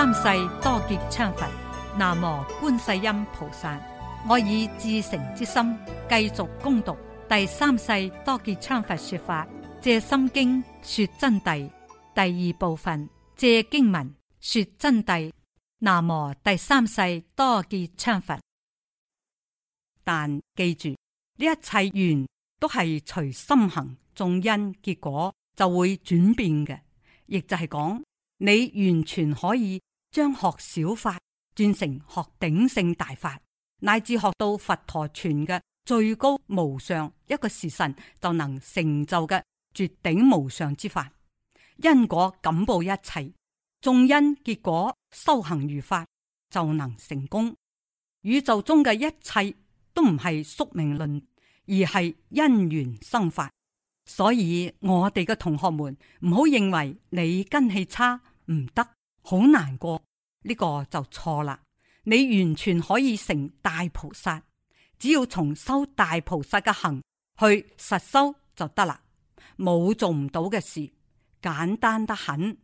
三世多杰羌佛，南無觀世音菩薩。我以至誠之心繼續攻讀第三世多杰羌佛說法，借心經說真諦第二部分，借經文說真諦。南無第三世多杰羌佛。但記住呢一切緣都係隨心行，種因結果就會轉變嘅，亦就係講你完全可以。將學小法，轉成學頂性大法，乃至學到佛陀傳嘅最高無上一個時辰，就能成就嘅絕頂無上之法。因果感報，一切眾因結果，修行如法就能成功。宇宙中嘅一切都唔係宿命論，而係因緣生法。所以我哋嘅同學們，唔好認為你根氣差唔得。好難過，呢個就錯啦！你完全可以成大菩薩，只要從修大菩薩嘅行去實修就得啦，冇做唔到嘅事，簡單得很。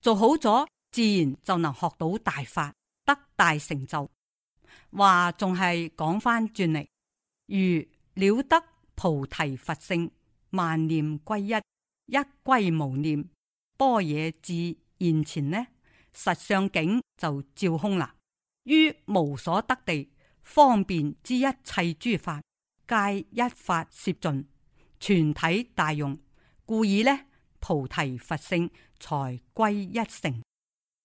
做好咗，自然就能學到大法，得大成就。話仲係講返轉嚟，如了得菩提佛性，萬念歸一，一歸無念，般若智現前呢？實相境就照空啦。於無所得地，方便之一切諸法，皆一法攝盡，全體大用。故以呢，菩提佛性才歸一成，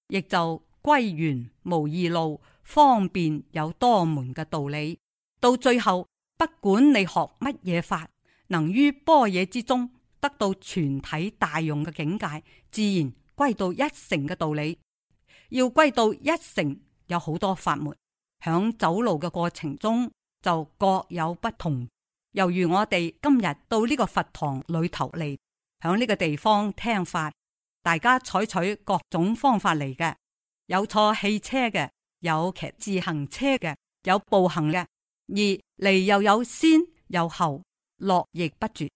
亦就歸元無二路，方便有多門嘅道理。到最後，不管你學乜嘢法，能於般若之中得到全體大用嘅境界，自然歸到一成嘅道理。要歸到一城，有好多法門，響走路嘅過程中就各有不同。由於我哋今日到呢個佛堂裏頭嚟，響呢個地方聽法，大家採取各種方法嚟嘅，有坐汽車嘅，有騎自行車嘅，有步行嘅。而嚟又有先有後，絡繹不絕。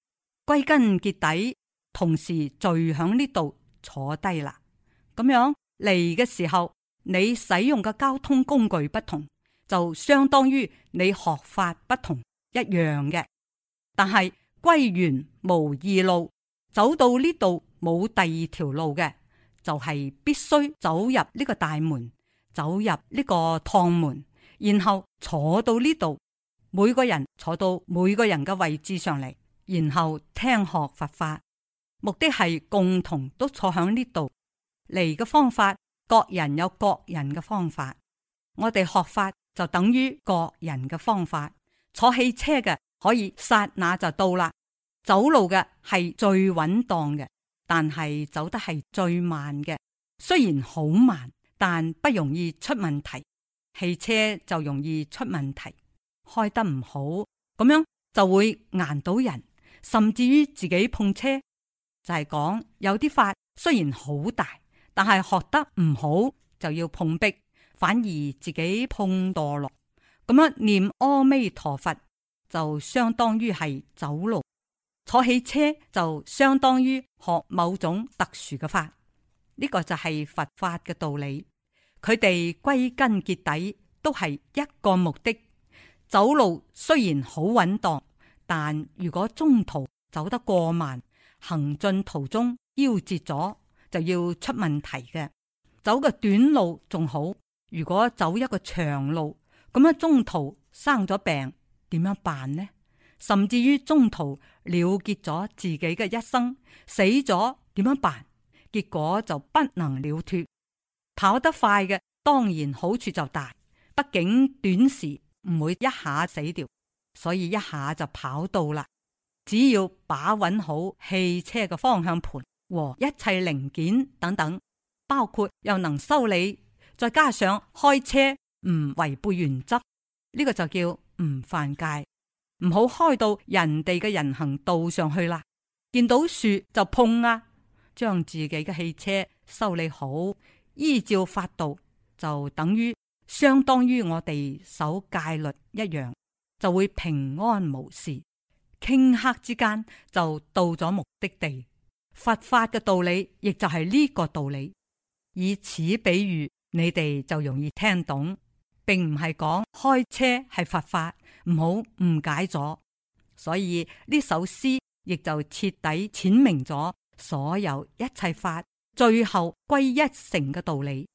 歸根結底，同時聚響呢度坐低啦，咁樣。嚟嘅時候，你使用嘅交通工具不同，就相當於你學法不同，一樣嘅。但係歸元無二路，走到呢度冇第二條路嘅，就係、是、必須走入呢個大門，走入呢個趟門，然後坐到呢度，每個人坐到每個人嘅位置上嚟，然後聽學佛法，目的係共同都坐響呢度。嚟嘅方法，各人有各人嘅方法。我哋學法就等於各人嘅方法。坐汽車嘅可以剎那就到啦，走路嘅係最穩當嘅，但係走得係最慢嘅。雖然好慢，但不容易出問題。汽車就容易出問題，開得唔好咁樣就會硬到人，甚至於自己碰車。就係講有啲法雖然好大。但係學得唔好就要碰壁，反而自己碰墮落。咁樣念阿彌陀佛就相當於係走路，坐汽車就相當於學某種特殊嘅法。呢個就係佛法嘅道理。佢哋歸根結底都係一個目的。走路雖然好穩當，但如果中途走得過慢，行進途中夭折咗，就要出問題嘅，走個短路仲好。如果走一個長路，咁樣中途生咗病，點樣辦呢？甚至於中途了結咗自己嘅一生，死咗點樣辦？結果就不能了脱。跑得快嘅當然好處就大，畢竟短時唔會一下死掉，所以一下就跑到啦。只要把穩好汽車嘅方向盤。和一切零件等等，包括又能修理，再加上開車唔違背原則，呢、這個就叫唔犯戒，唔好開到人哋嘅人行道上去啦。見到樹就碰啊，將自己嘅汽車修理好，依照法度就等於相當於我哋守戒律一樣，就會平安無事，頃刻之間就到咗目的地。佛法嘅道理，亦就係呢個道理。以此比喻，你哋就容易聽懂，並唔係講開車係佛法，唔好誤解咗。所以呢首詩亦就徹底闡明咗所有一切法最後歸一成嘅道理，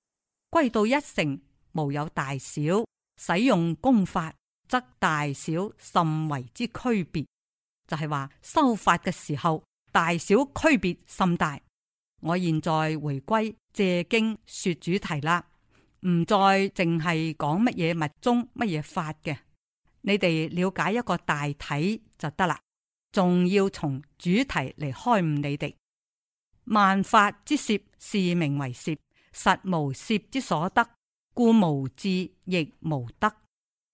歸到一成，無有大小。使用功法，則大小甚為之區別。就係話修法嘅時候。大小區別甚大，我現在回歸借經說真諦啦，唔再淨係講乜嘢密宗乜嘢法嘅，你哋了解一個大體就得啦，仲要從真諦嚟開悟你哋。萬法之攝是名為攝，實無攝之所得，故無智亦無得，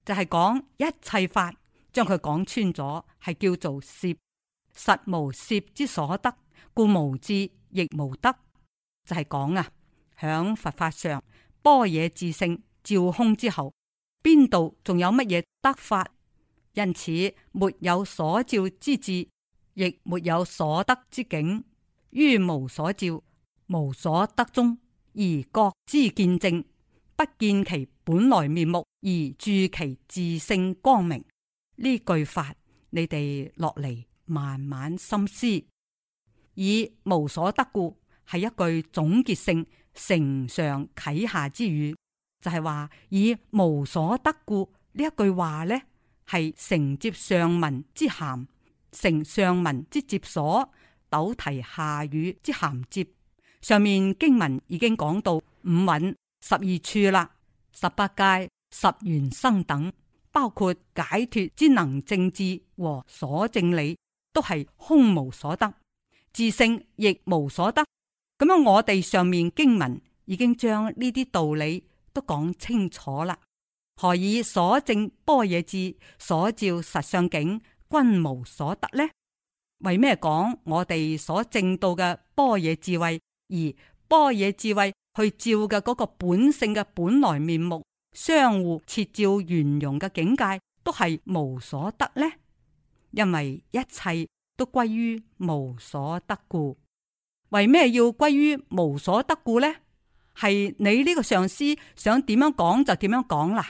就係、是、講一切法將佢講穿咗，係叫做攝。實無攝之所得，故無智亦無得，就係講啊，響佛法上，般若自性照空之後，邊度仲有乜嘢得法？因此沒有所照之智，亦沒有所得之境，於無所照、無所得中而覺知見證，不見其本來面目，而住其自性光明。呢句法，你哋落嚟。慢慢深思，以無所得故，係一句總結性承上啟下之語，就係、是、話以無所得故呢一句話呢，係承接上文之涵，承上文之接所，斗提下語之銜接。上面經文已經講到五蘊、十二處啦、十八界、十緣生等，包括解脱之能正智和所正理。都係空無所得，自性亦無所得。咁樣我哋上面經文已經將呢啲道理都講清楚啦。何以所證般若智，所照實相境，均無所得呢？為咩講我哋所證到嘅般若智慧，而般若智慧去照嘅嗰個本性嘅本來面目，相互切照圓融嘅境界，都係無所得呢？因為一切都歸於無所得故，為咩要歸於無所得故呢？係你呢個上司想點樣講就點樣講啦。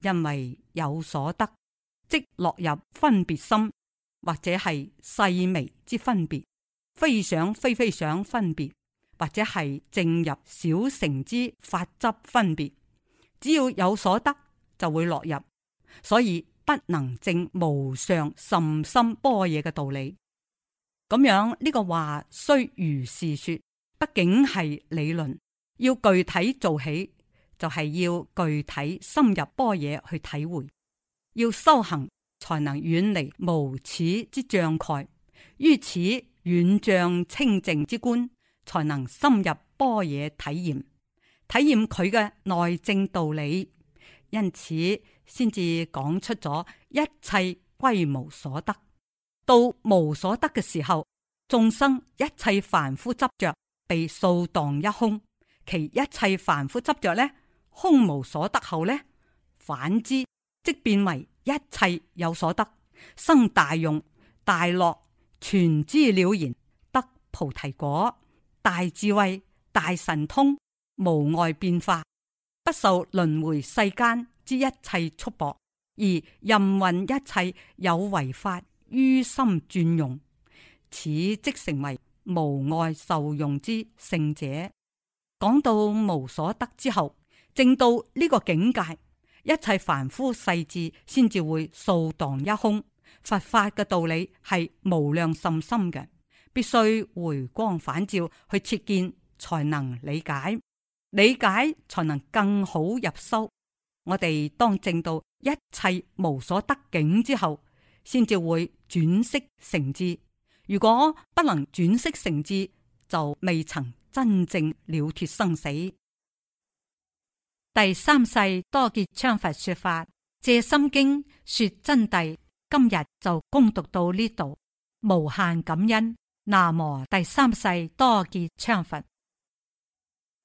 因為有所得，即落入分別心，或者係細微之分別，非想非非想分別，或者係正入小乘之法執分別。只要有所得，就會落入，所以。不能正無上甚深般若嘅道理，咁樣呢、這個話雖如是說，畢竟係理論，要具體做起，就係、是、要具體深入般若去體會，要修行才能遠離無始之障礙，於此遠障清淨之觀，才能深入般若體驗，體驗佢嘅內證道理。因此，先至講出咗一切歸無所得。到無所得嘅時候，眾生一切凡夫執着被掃蕩一空。其一切凡夫執着呢，空無所得後呢，反之即變為一切有所得，生大用、大樂，全知了然，得菩提果，大智慧、大神通，無礙變化。不受輪回世間之一切束縛，而任運一切有為法於心轉用，此即成為無礙受用之聖者。講到無所得之後，正到呢個境界，一切凡夫世智先至會掃蕩一空。佛法嘅道理係無量甚深嘅，必須回光返照去切見，才能理解。理解才能更好入修，我哋當證到一切無所得境之後，先至會轉識成智。如果不能轉識成智，就未曾真正了脫生死。第三世多杰羌佛說法《藉心經》說真諦，今日就恭讀到呢度，無限感恩。那麼第三世多杰羌佛。